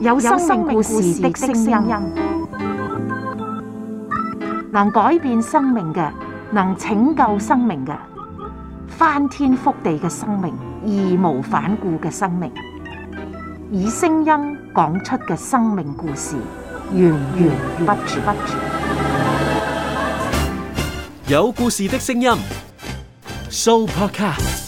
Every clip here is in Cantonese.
有生命故事的聲音，能改變生命嘅，能拯救生命嘅，翻天覆地嘅生命，義無反顧嘅生命，以聲音講出嘅生命故事，源源不絕。有故事的聲音，Soupercast。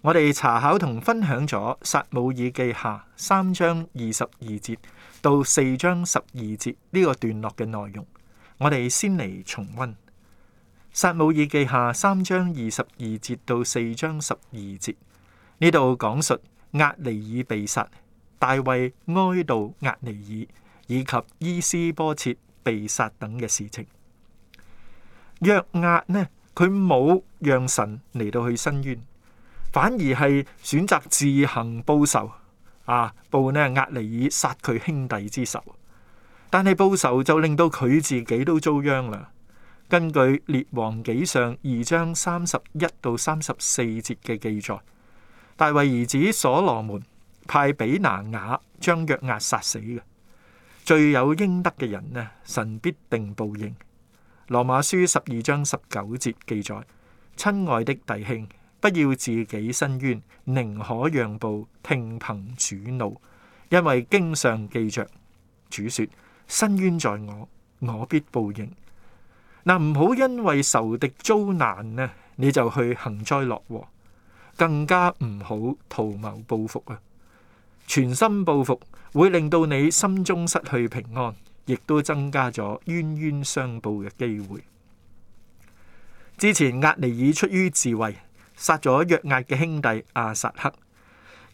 我哋查考同分享咗《撒母耳記下》三章二十二節到四章十二節呢個段落嘅內容，我哋先嚟重温《撒母耳記下》三章二十二節到四章十二節。呢度講述押尼爾被殺、大衛哀悼押尼爾以及伊斯波切被殺等嘅事情。約押呢，佢冇讓神嚟到去申冤。反而係選擇自行報仇啊，報呢押尼珥殺佢兄弟之仇。但係報仇就令到佢自己都遭殃啦。根據《列王紀上》二章三十一到三十四節嘅記載，大衛兒子所羅門派比拿雅將約押殺死嘅。罪有應得嘅人呢，神必定報應。羅馬書十二章十九節記載：親愛的弟兄。不要自己伸冤，寧可讓步，聽憑主怒，因為經上記着主說：伸冤在我，我必報應。嗱，唔好因為仇敵遭難呢，你就去幸災樂禍，更加唔好圖謀報復啊！全心報復會令到你心中失去平安，亦都增加咗冤冤相報嘅機會。之前厄尼爾出於智慧。殺咗約押嘅兄弟亞撒黑，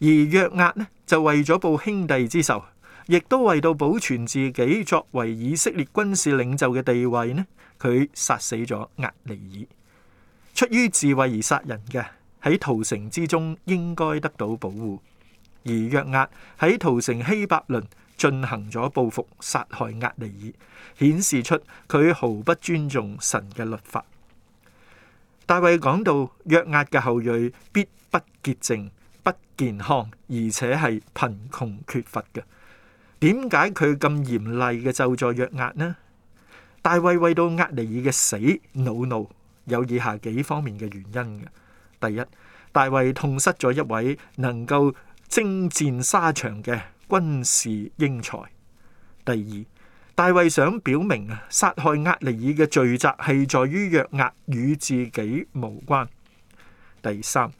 而約押呢就為咗報兄弟之仇，亦都為到保存自己作為以色列軍事領袖嘅地位呢，佢殺死咗押尼爾。出於自衛而殺人嘅喺逃城之中應該得到保護，而約押喺逃城希伯崙進行咗報復殺害押尼爾，顯示出佢毫不尊重神嘅律法。大衛講到約押嘅後裔必不潔淨、不健康，而且係貧窮缺乏嘅。點解佢咁嚴厲嘅咒詛約押呢？大衛為到押尼爾嘅死惱怒，有以下幾方面嘅原因嘅。第一，大衛痛失咗一位能夠征戰沙場嘅軍事英才。第二。大衛想表明啊，殺害押尼珥嘅罪責係在於約押，與自己無關。第三，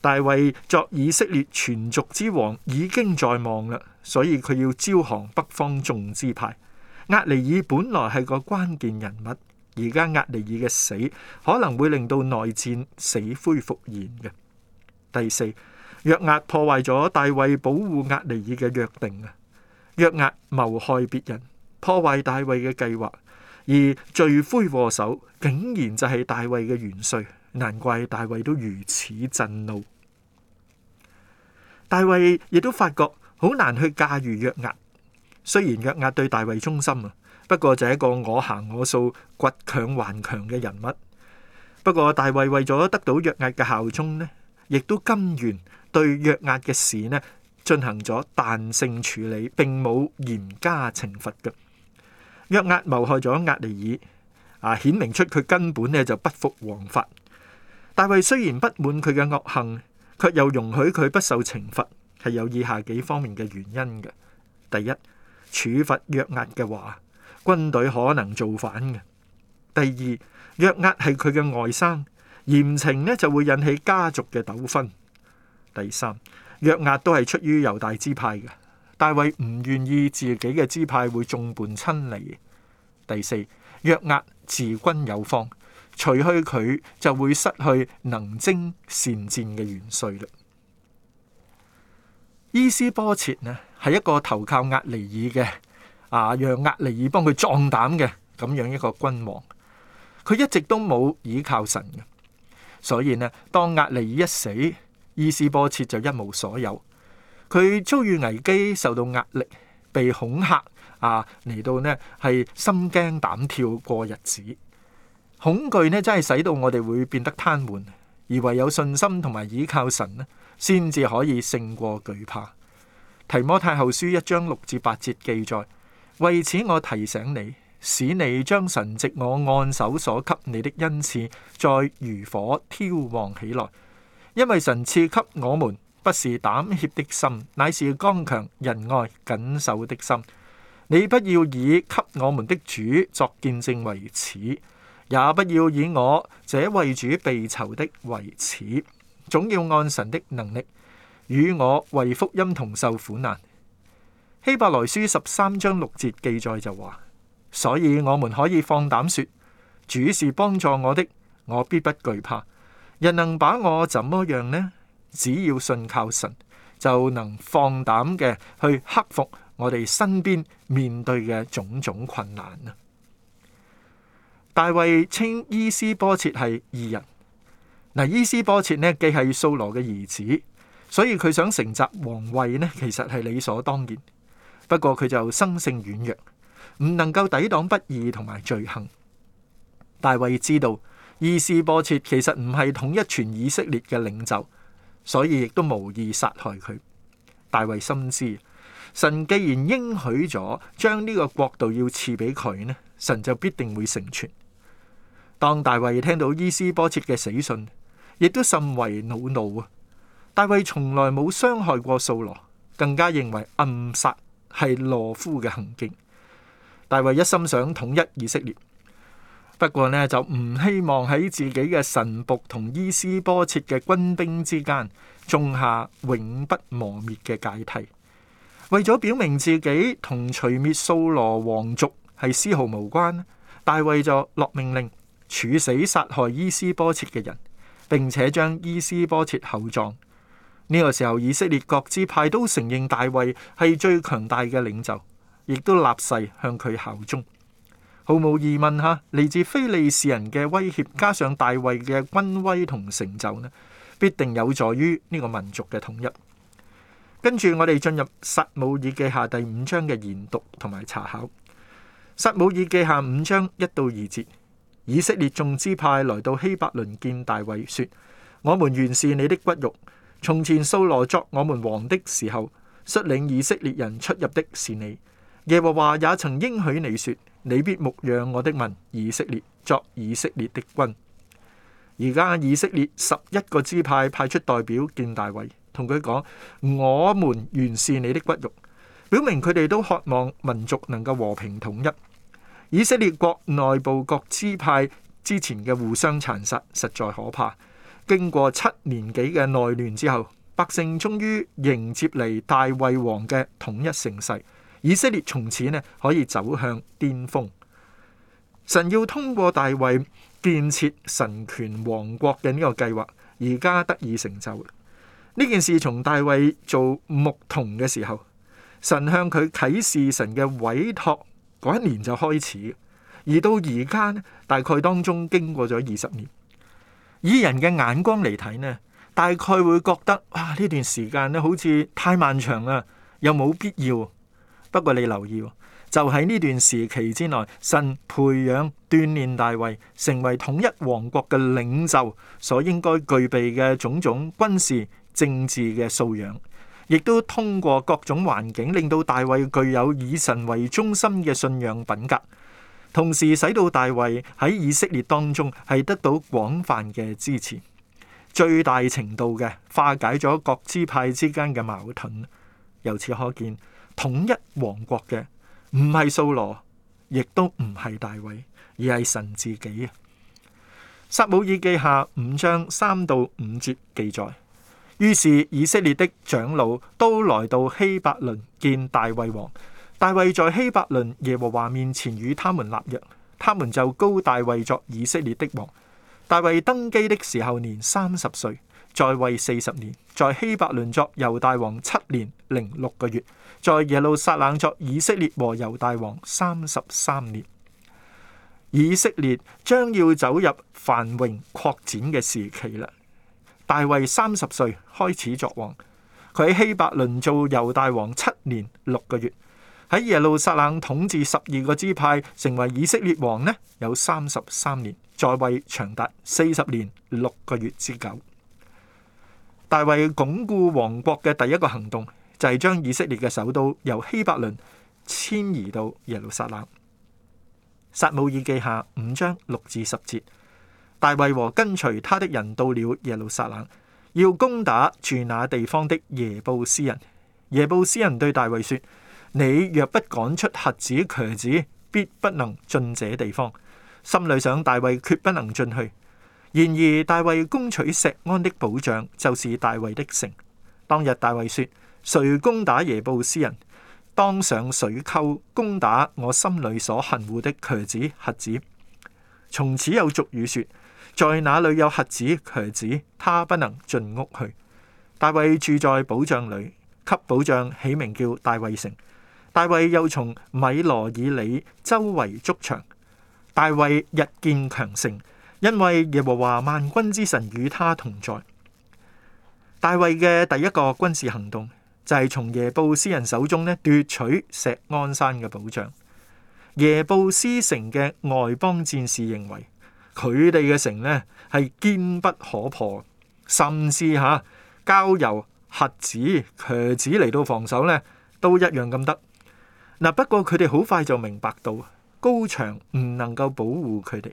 大衛作以色列全族之王已經在望啦，所以佢要招降北方眾支派。押尼珥本來係個關鍵人物，而家押尼珥嘅死可能會令到內戰死灰復燃嘅。第四，約押破壞咗大衛保護押尼珥嘅約定啊，約押謀害別人。破壞大衛嘅計劃，而罪魁禍首竟然就係大衛嘅元帥，難怪大衛都如此震怒。大衛亦都發覺好難去駕馭約押，雖然約押對大衛忠心啊，不過就係一個我行我素、倔強頑強嘅人物。不過大衛為咗得到約押嘅效忠呢，亦都甘願對約押嘅事呢進行咗彈性處理，並冇嚴加懲罰嘅。約押謀害咗押尼珥，啊，顯明出佢根本咧就不服王法。大衛雖然不滿佢嘅惡行，卻又容許佢不受懲罰，係有以下幾方面嘅原因嘅。第一，處罰約押嘅話，軍隊可能造反嘅；第二，約押係佢嘅外甥，嚴懲咧就會引起家族嘅糾紛；第三，約押都係出於猶大支派嘅。大衛唔願意自己嘅支派會眾叛親離。第四，約押治軍有方，除去佢就會失去能征善戰嘅元帥啦。伊斯波切呢係一個投靠押尼珥嘅，啊讓押尼珥幫佢壯膽嘅咁樣一個君王。佢一直都冇倚靠神嘅，所以呢，當押尼珥一死，伊斯波切就一無所有。佢遭遇危機，受到壓力，被恐嚇啊，嚟到呢係心驚膽跳過日子。恐懼咧真係使到我哋會變得癱瘓，而唯有信心同埋依靠神咧，先至可以勝過懼怕。提摩太後書一章六至八節記載：為此，我提醒你，使你將神藉我按手所給你的恩賜，再如火挑旺起來，因為神賜給我們，不是膽怯的心，乃是剛強仁愛謹守的心。你不要以給我們的主作見證為恥，也不要以我這為主被囚的為恥。總要按神的能力，與我為福音同受苦難。希伯來書十三章六節記載就話，所以我們可以放膽說，主是幫助我的，我必不懼怕。人能把我怎麼樣呢？只要信靠神，就能放膽嘅去克服我哋身邊面對嘅種種困難啊！大衛稱伊斯波切係義人嗱，伊斯波切呢既係掃羅嘅兒子，所以佢想承襲皇位呢，其實係理所當然。不過佢就生性軟弱，唔能夠抵擋不義同埋罪行。大衛知道，伊斯波切其實唔係統一全以色列嘅領袖。所以亦都無意殺害佢。大衛深知神既然應許咗將呢個國度要賜俾佢呢，神就必定會成全。當大衛聽到伊施波設嘅死訊，亦都甚為惱怒啊！大衛從來冇傷害過掃羅，更加認為暗殺係懦夫嘅行徑。大衛一心想統一以色列。不過呢，就唔希望喺自己嘅臣僕同伊施波切嘅軍兵之間種下永不磨滅嘅芥蒂。為咗表明自己同除滅掃羅王族係絲毫無關，大衛就落命令處死殺害伊施波切嘅人，並且將伊施波切厚葬。呢、這個時候，以色列各支派都承認大衛係最強大嘅領袖，亦都立誓向佢效忠。毫無疑問下，哈，嚟自非利士人嘅威脅，加上大衛嘅君威同成就呢，必定有助於呢個民族嘅統一。跟住我哋進入撒母耳記下第五章嘅研讀同埋查考。撒母耳記下五章一到二節，以色列眾支派來到希伯倫見大衛，說：我們原是你的骨肉。從前掃羅作我們王的時候，率領以色列人出入的是你。耶和華也曾應許你說。你必牧養我的民以色列，作以色列的君。而家，以色列十一個支派派出代表見大衛，同佢講：我們原是你的骨肉，表明佢哋都渴望民族能夠和平統一。以色列國內部各支派之前嘅互相殘殺實在可怕。經過七年幾嘅內亂之後，百姓終於迎接嚟大衛王嘅統一盛世。以色列從此咧，可以走向巔峰。神要通過大衛建設神權王國嘅呢個計劃，而家得以成就。呢件事從大衛做牧童嘅時候，神向佢啟示神嘅委託嗰一年就開始，而到而家咧，大概當中經過咗二十年。以人嘅眼光嚟睇呢，大概會覺得，哇，呢段時間咧好似太漫長啊，又冇必要。不過你留意，就喺呢段時期之內，神培養鍛煉大衛成為統一王國嘅領袖，所應該具備嘅種種軍事、政治嘅素養，亦都通過各種環境令到大衛具有以神為中心嘅信仰品格，同時使到大衛喺以色列當中係得到廣泛嘅支持，最大程度嘅化解咗各支派之間嘅矛盾。由此可見。統一王國嘅唔係掃羅，亦都唔係大衛，而係神自己啊！撒母耳記下五章三到五節記載，於是以色列的長老都來到希伯崙見大衛王。大衛在希伯崙耶和華面前與他們立約，他們就膏大衛作以色列的王。大衛登基的時候年三十歲。在位四十年，在希伯倫作猶大王七年零六個月，在耶路撒冷作以色列和猶大王三十三年。以色列將要走入繁榮擴展嘅時期啦。大衛三十歲開始作王，佢喺希伯倫做猶大王七年六個月，喺耶路撒冷統治十二個支派，成為以色列王呢，有三十三年，在位長達四十年六個月之久。大衛鞏固王國嘅第一個行動，就係、是、將以色列嘅首都由希伯倫遷移到耶路撒冷。撒母耳記下五章六至十節，大衛和跟隨他的人到了耶路撒冷，要攻打住那地方的耶布斯人。耶布斯人對大衛說：你若不趕出瞎子、瘸子，必不能進這地方。心裏想，大衛決不能進去。然而，大衛攻取石安的保障，就是大衛的城。當日大衛說：誰攻打耶布斯人，當上水溝攻打我心裏所恨惡的瘸子、瞎子。從此有俗語說：在那裏有瞎子、瘸子，他不能進屋去。大衛住在保障裏，給保障起名叫大衛城。大衛又從米羅以裏周圍築牆。大衛日見強盛。因為耶和華萬軍之神與他同在，大衛嘅第一個軍事行動就係、是、從耶布斯人手中咧奪取錫安山嘅保障。耶布斯城嘅外邦戰士認為佢哋嘅城咧係堅不可破，甚至吓交由瞎子、瘸子嚟到防守咧都一樣咁得。嗱，不過佢哋好快就明白到高牆唔能夠保護佢哋。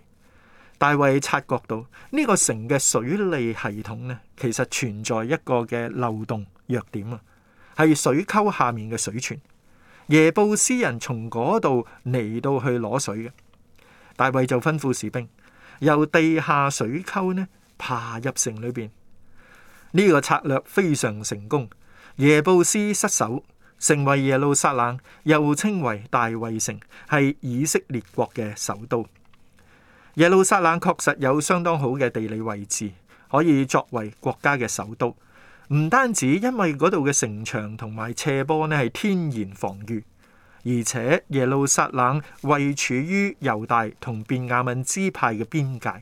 大衛察覺到呢個城嘅水利系統呢，其實存在一個嘅漏洞弱點啊，係水溝下面嘅水泉。耶布斯人從嗰度嚟到去攞水嘅，大衛就吩咐士兵由地下水溝呢爬入城裏邊。呢個策略非常成功，耶布斯失守，成為耶路撒冷，又稱為大衛城，係以色列國嘅首都。耶路撒冷確實有相當好嘅地理位置，可以作為國家嘅首都。唔單止，因為嗰度嘅城牆同埋斜坡咧係天然防禦，而且耶路撒冷位處於猶大同便雅憫支派嘅邊界，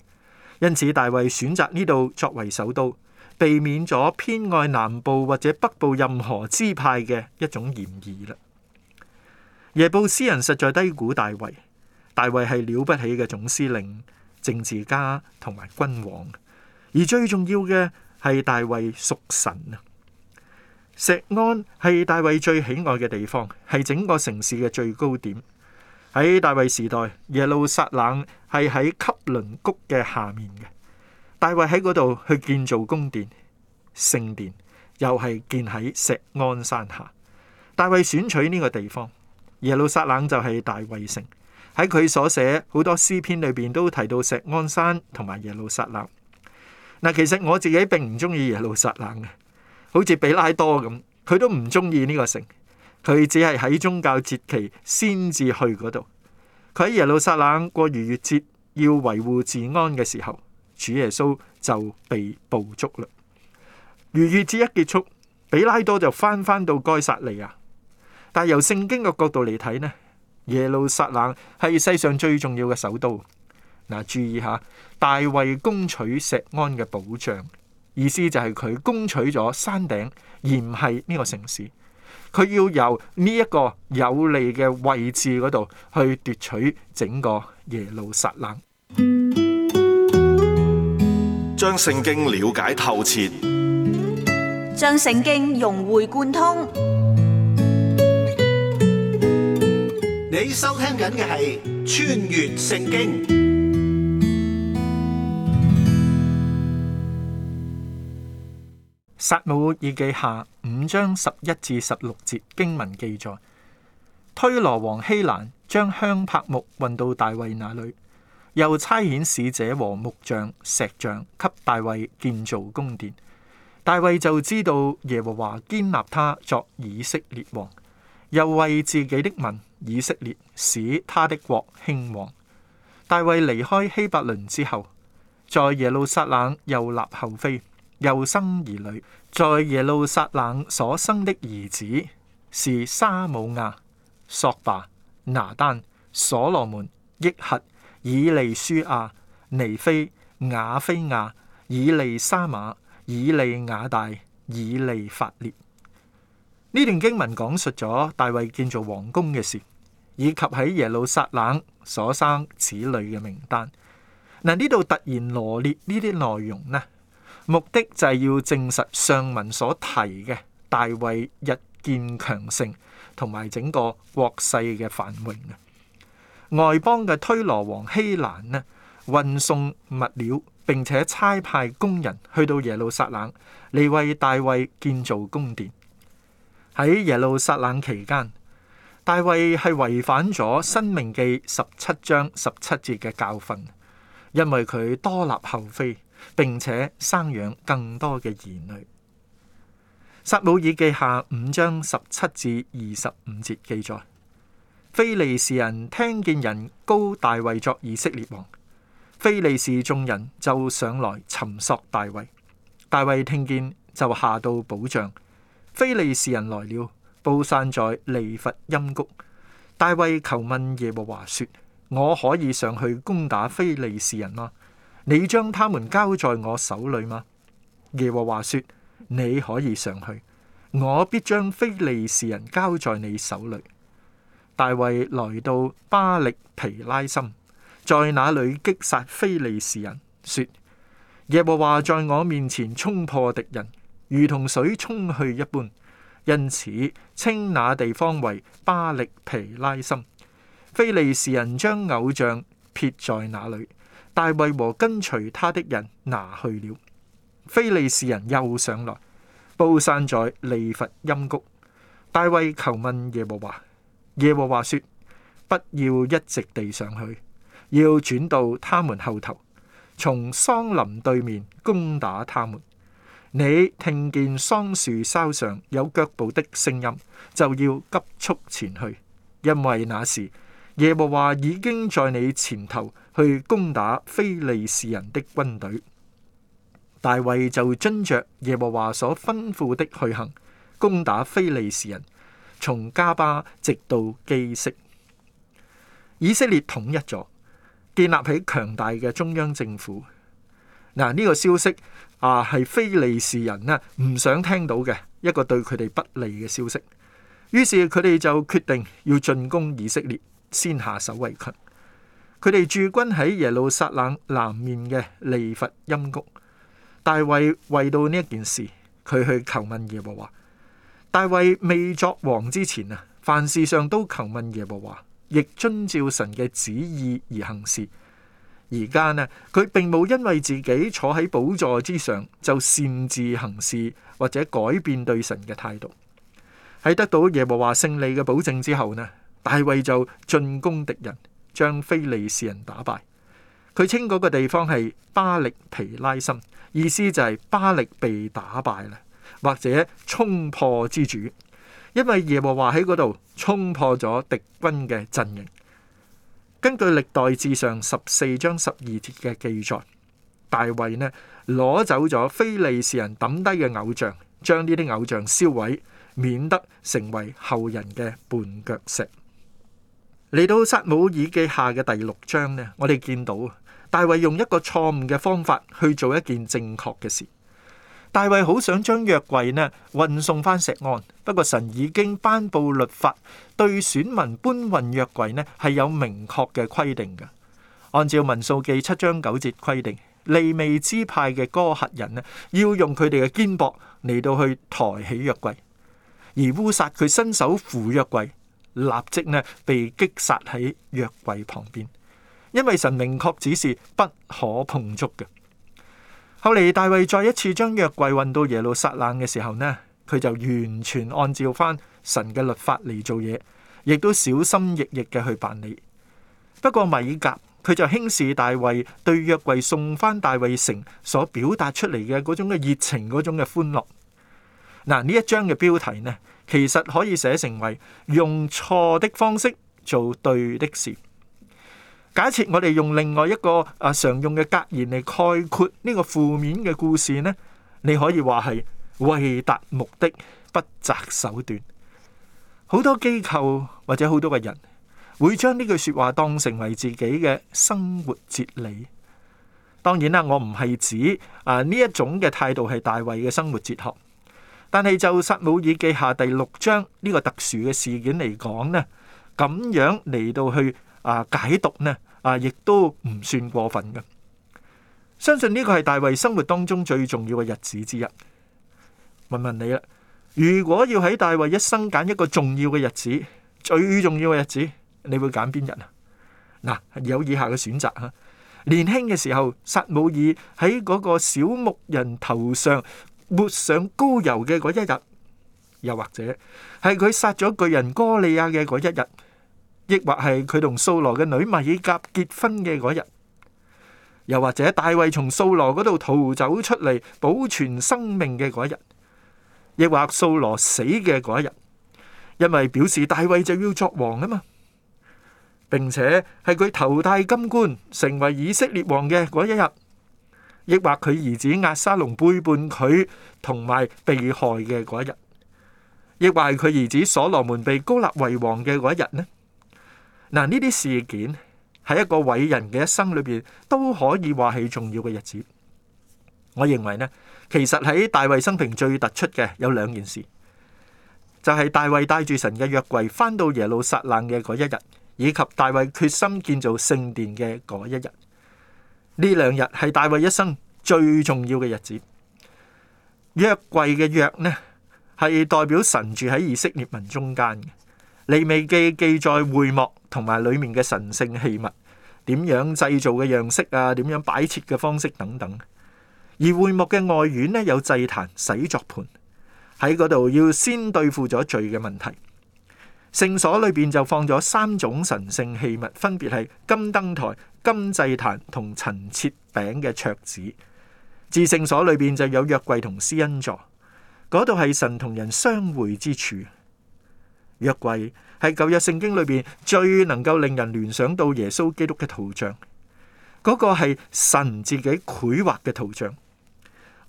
因此大衛選擇呢度作為首都，避免咗偏愛南部或者北部任何支派嘅一種嫌疑啦。耶布斯人實在低估大衛。大衛係了不起嘅總司令、政治家同埋君王，而最重要嘅係大衛屬神啊。石安係大衛最喜愛嘅地方，係整個城市嘅最高點。喺大衛時代，耶路撒冷係喺汲倫谷嘅下面嘅。大衛喺嗰度去建造宮殿、聖殿，又係建喺石安山下。大衛選取呢個地方，耶路撒冷就係大衛城。喺佢所寫好多詩篇裏邊都提到錫安山同埋耶路撒冷。嗱，其實我自己並唔中意耶路撒冷嘅，好似比拉多咁，佢都唔中意呢個城。佢只係喺宗教節期先至去嗰度。佢喺耶路撒冷過逾越節要維護治安嘅時候，主耶穌就被捕捉啦。逾越節一結束，比拉多就翻返到該撒利亞。但由聖經嘅角度嚟睇呢？耶路撒冷係世上最重要嘅首都。嗱，注意下，大衛攻取錫安嘅保障，意思就係佢攻取咗山頂，而唔係呢個城市。佢要由呢一個有利嘅位置嗰度去奪取整個耶路撒冷。將聖經了解透徹，將聖經融會貫通。你收聽緊嘅係《穿越聖經》撒母耳記下五章十一至十六節，經文記載，推羅王希蘭將香柏木運到大衛那裏，又差遣使者和木匠、石匠給大衛建造宮殿。大衛就知道耶和華堅立他作以色列王，又為自己的民。以色列使他的國興旺。大衛離開希伯倫之後，在耶路撒冷又立后妃，又生兒女。在耶路撒冷所生的兒子是沙姆亞、索巴、拿單、所羅門、益核、以利舒亞、尼非、雅非亞、以利沙瑪、以利雅大、以利法列。呢段經文講述咗大衛建造王宮嘅事。以及喺耶路撒冷所生子女嘅名單。嗱，呢度突然羅列呢啲內容呢，目的就係要證實上文所提嘅大衛日漸強盛，同埋整個國勢嘅繁榮。外邦嘅推羅王希蘭呢，運送物料，並且差派工人去到耶路撒冷嚟為大衛建造宮殿。喺耶路撒冷期間。大衛係違反咗《申命記》十七章十七節嘅教訓，因為佢多立後妃，並且生養更多嘅兒女。撒母耳記下五章十七至二十五節記載，非利士人聽見人高大衛作以色列王，非利士眾人就上來尋索大衛。大衛聽見就下到保障，非利士人來了。布散在利乏音谷。大衛求問耶和華說：我可以上去攻打非利士人嗎？你將他們交在我手裏嗎？耶和華說：你可以上去，我必將非利士人交在你手裏。大衛來到巴力毗拉心，在那裏擊殺非利士人，說：耶和華在我面前衝破敵人，如同水沖去一般。因此，稱那地方為巴力毘拉心。非利士人將偶像撇在那裏，大衛和跟隨他的人拿去了。非利士人又上來，布散在利乏音谷。大衛求問耶和華，耶和華說：不要一直地上去，要轉到他們後頭，從桑林對面攻打他們。你聽見桑樹梢上有腳步的聲音，就要急速前去，因為那時耶和華已經在你前頭去攻打非利士人的軍隊。大衛就遵着耶和華所吩咐的去行，攻打非利士人，從加巴直到基色。以色列統一咗，建立起強大嘅中央政府。嗱，呢個消息啊，係非利士人咧，唔想聽到嘅一個對佢哋不利嘅消息。於是佢哋就決定要進攻以色列，先下手為強。佢哋駐軍喺耶路撒冷南面嘅利弗陰谷。大衛為到呢一件事，佢去求問耶和華。大衛未作王之前啊，凡事上都求問耶和華，亦遵照神嘅旨意而行事。而家呢，佢並冇因為自己坐喺寶座之上，就擅自行事，或者改變對神嘅態度。喺得到耶和華勝利嘅保證之後呢，大衛就進攻敵人，將非利士人打敗。佢稱嗰個地方係巴力皮拉森，意思就係巴力被打敗啦，或者衝破之主，因為耶和華喺嗰度衝破咗敵軍嘅陣營。根據歷代志上十四章十二節嘅記載，大衛呢攞走咗非利士人抌低嘅偶像，將呢啲偶像銷毀，免得成為後人嘅絆腳石。嚟到撒母耳記下嘅第六章呢，我哋見到大衛用一個錯誤嘅方法去做一件正確嘅事。大衛好想將約櫃呢運送翻錫安，不過神已經頒布律法，對選民搬運約櫃呢係有明確嘅規定嘅。按照民數記七章九節規定，利未支派嘅哥轄人呢要用佢哋嘅肩膊嚟到去抬起約櫃，而烏撒佢伸手扶約櫃，立即呢被擊殺喺約櫃旁邊，因為神明確指示不可碰觸嘅。後嚟大衛再一次將約櫃運到耶路撒冷嘅時候呢，佢就完全按照翻神嘅律法嚟做嘢，亦都小心翼翼嘅去辦理。不過米甲，佢就輕視大衛對約櫃送翻大衛城所表達出嚟嘅嗰種嘅熱情，嗰種嘅歡樂。嗱，呢一章嘅標題呢，其實可以寫成為用錯的方式做對的事。假設我哋用另外一個啊常用嘅格言嚟概括呢個負面嘅故事呢，你可以話係為達目的，不擇手段。好多機構或者好多嘅人會將呢句說話當成為自己嘅生活哲理。當然啦，我唔係指啊呢一種嘅態度係大衛嘅生活哲學，但係就撒母耳記下第六章呢個特殊嘅事件嚟講呢，咁樣嚟到去。啊！解讀呢？啊，亦都唔算過分㗎。相信呢個係大衛生活當中最重要嘅日子之一。問問你啦，如果要喺大衛一生揀一個重要嘅日子，最重要嘅日子，你會揀邊日啊？嗱，有以下嘅選擇吓：年輕嘅時候，撒母耳喺嗰個小牧人頭上抹上膏油嘅嗰一日；又或者係佢殺咗巨人哥利亞嘅嗰一日。亦或係佢同掃羅嘅女米甲結婚嘅嗰日，又或者大衛從掃羅嗰度逃走出嚟保存生命嘅嗰一日，亦或掃羅死嘅嗰一日，因為表示大衛就要作王啊嘛，並且係佢頭戴金冠成為以色列王嘅嗰一日，亦或佢兒子押沙龍背叛佢同埋被害嘅嗰一日，亦或佢兒子所羅門被高立為王嘅嗰一日呢？嗱，呢啲事件喺一個偉人嘅一生裏邊都可以話係重要嘅日子。我認為呢，其實喺大衛生平最突出嘅有兩件事，就係大衛帶住神嘅約櫃翻到耶路撒冷嘅嗰一日，以及大衛決心建造聖殿嘅嗰一日。呢兩日係大衛一生最重要嘅日子。約櫃嘅約呢，係代表神住喺以色列民中間嘅。利未記記載會幕同埋裏面嘅神聖器物點樣製造嘅樣式啊，點樣擺設嘅方式等等。而會幕嘅外院呢，有祭壇、洗濯盤，喺嗰度要先對付咗罪嘅問題。聖所裏邊就放咗三種神聖器物，分別係金燈台、金祭壇同陳設餅嘅桌子。至聖所裏邊就有約櫃同施恩座，嗰度係神同人相會之處。約櫃係舊約聖經裏邊最能夠令人聯想到耶穌基督嘅圖像，嗰個係神自己繪畫嘅圖像。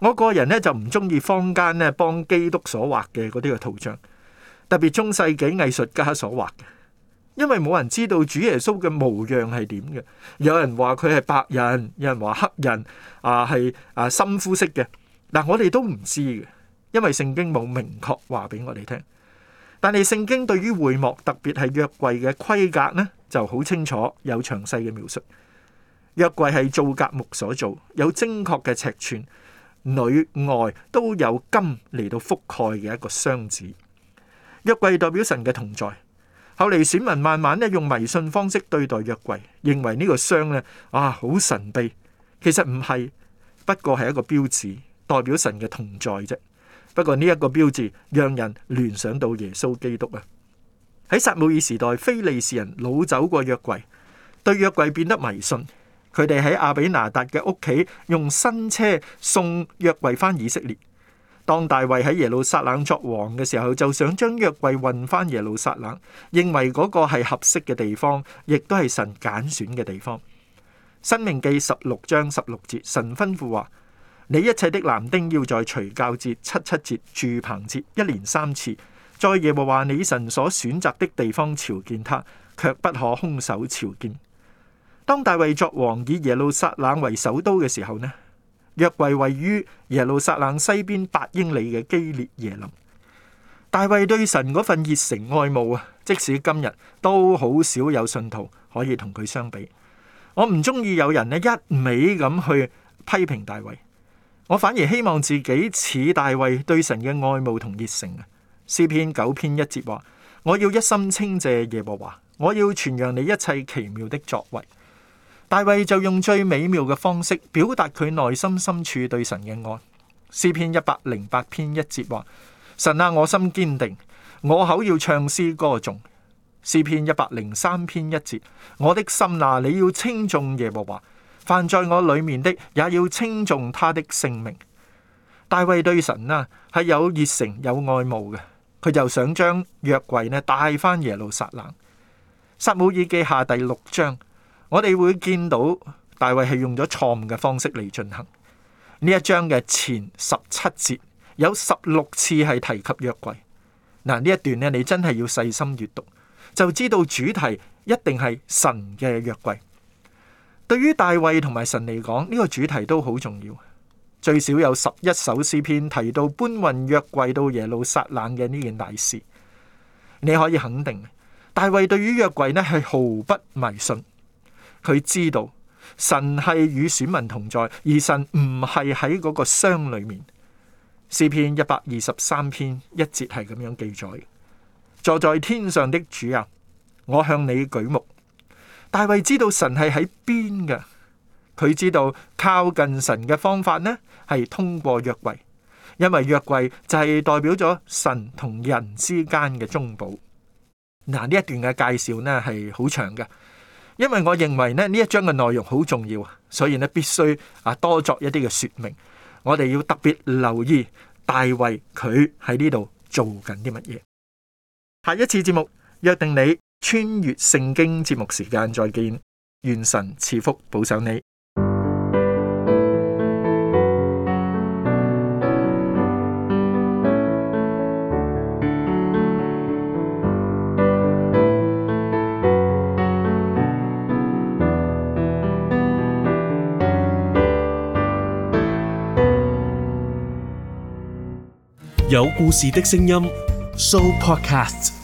我個人咧就唔中意,坊間咧幫基督所畫嘅嗰啲嘅圖像，特別中世紀藝術家所畫嘅，因為冇人知道主耶穌嘅模樣係點嘅。有人話佢係白人，有人話黑人，啊係啊深膚色嘅。嗱我哋都唔知嘅，因為聖經冇明確話俾我哋聽。但係聖經對於會幕，特別係約櫃嘅規格呢，就好清楚，有詳細嘅描述。約櫃係皂莢木所做，有精確嘅尺寸，裏外都有金嚟到覆蓋嘅一個箱子。約櫃代表神嘅同在。後嚟選民慢慢呢用迷信方式對待約櫃，認為呢個箱啊，啊好神秘。其實唔係，不過係一個標誌，代表神嘅同在啫。不過呢一個標誌，讓人聯想到耶穌基督啊！喺撒母耳時代，非利士人擄走過約櫃，對約櫃變得迷信。佢哋喺阿比拿達嘅屋企用新車送約櫃翻以色列。當大衛喺耶路撒冷作王嘅時候，就想將約櫃運翻耶路撒冷，認為嗰個係合適嘅地方，亦都係神揀選嘅地方。申命記十六章十六節，神吩咐話。你一切的男丁要在除酵節、七七節、住棚節一年三次。在耶和華你神所選擇的地方朝見他，卻不可空手朝見。當大衛作王以耶路撒冷為首都嘅時候呢，約櫃位，位於耶路撒冷西邊八英里嘅基列耶林。大衛對神嗰份熱誠愛慕啊，即使今日都好少有信徒可以同佢相比。我唔中意有人呢一味咁去批評大衛。我反而希望自己似大衛對神嘅愛慕同熱誠啊！詩篇九篇一節話：我要一心稱謝耶和華，我要傳揚你一切奇妙的作為。大衛就用最美妙嘅方式表達佢內心深處對神嘅愛。詩篇一百零八篇一節話：神啊，我心堅定，我口要唱詩歌頌。詩篇一百零三篇一節：我的心啊，你要稱頌耶和華。犯在我裏面的，也要稱頌他的聖名。大衛對神啊，係有熱誠、有愛慕嘅，佢就想將約櫃呢帶翻耶路撒冷。撒母耳記下第六章，我哋會見到大衛係用咗錯誤嘅方式嚟進行。呢一章嘅前十七節，有十六次係提及約櫃。嗱，呢一段呢，你真係要細心閱讀，就知道主題一定係神嘅約櫃。對於大衛同埋神嚟講，呢個主題都好重要。最少有十一首詩篇提到搬運約櫃到耶路撒冷嘅呢件大事。你可以肯定，大衛對於約櫃呢係毫不迷信。佢知道神係與選民同在，而神唔係喺嗰個箱裏面。詩篇一百二十三篇一節係咁樣記載：「坐在天上的主啊，我向你舉目。大衛知道神係喺邊㗎，佢知道靠近神嘅方法呢係通過約櫃，因為約櫃就係代表咗神同人之間嘅中保。嗱，呢一段嘅介紹呢係好長嘅，因為我認為呢呢一章嘅內容好重要，所以呢必須啊多作一啲嘅說明。我哋要特別留意大衛佢喺呢度做緊啲乜嘢。下一次節目約定你。穿越聖經節目時間，再見！願神賜福保守你。有故事的聲音，Show Podcast。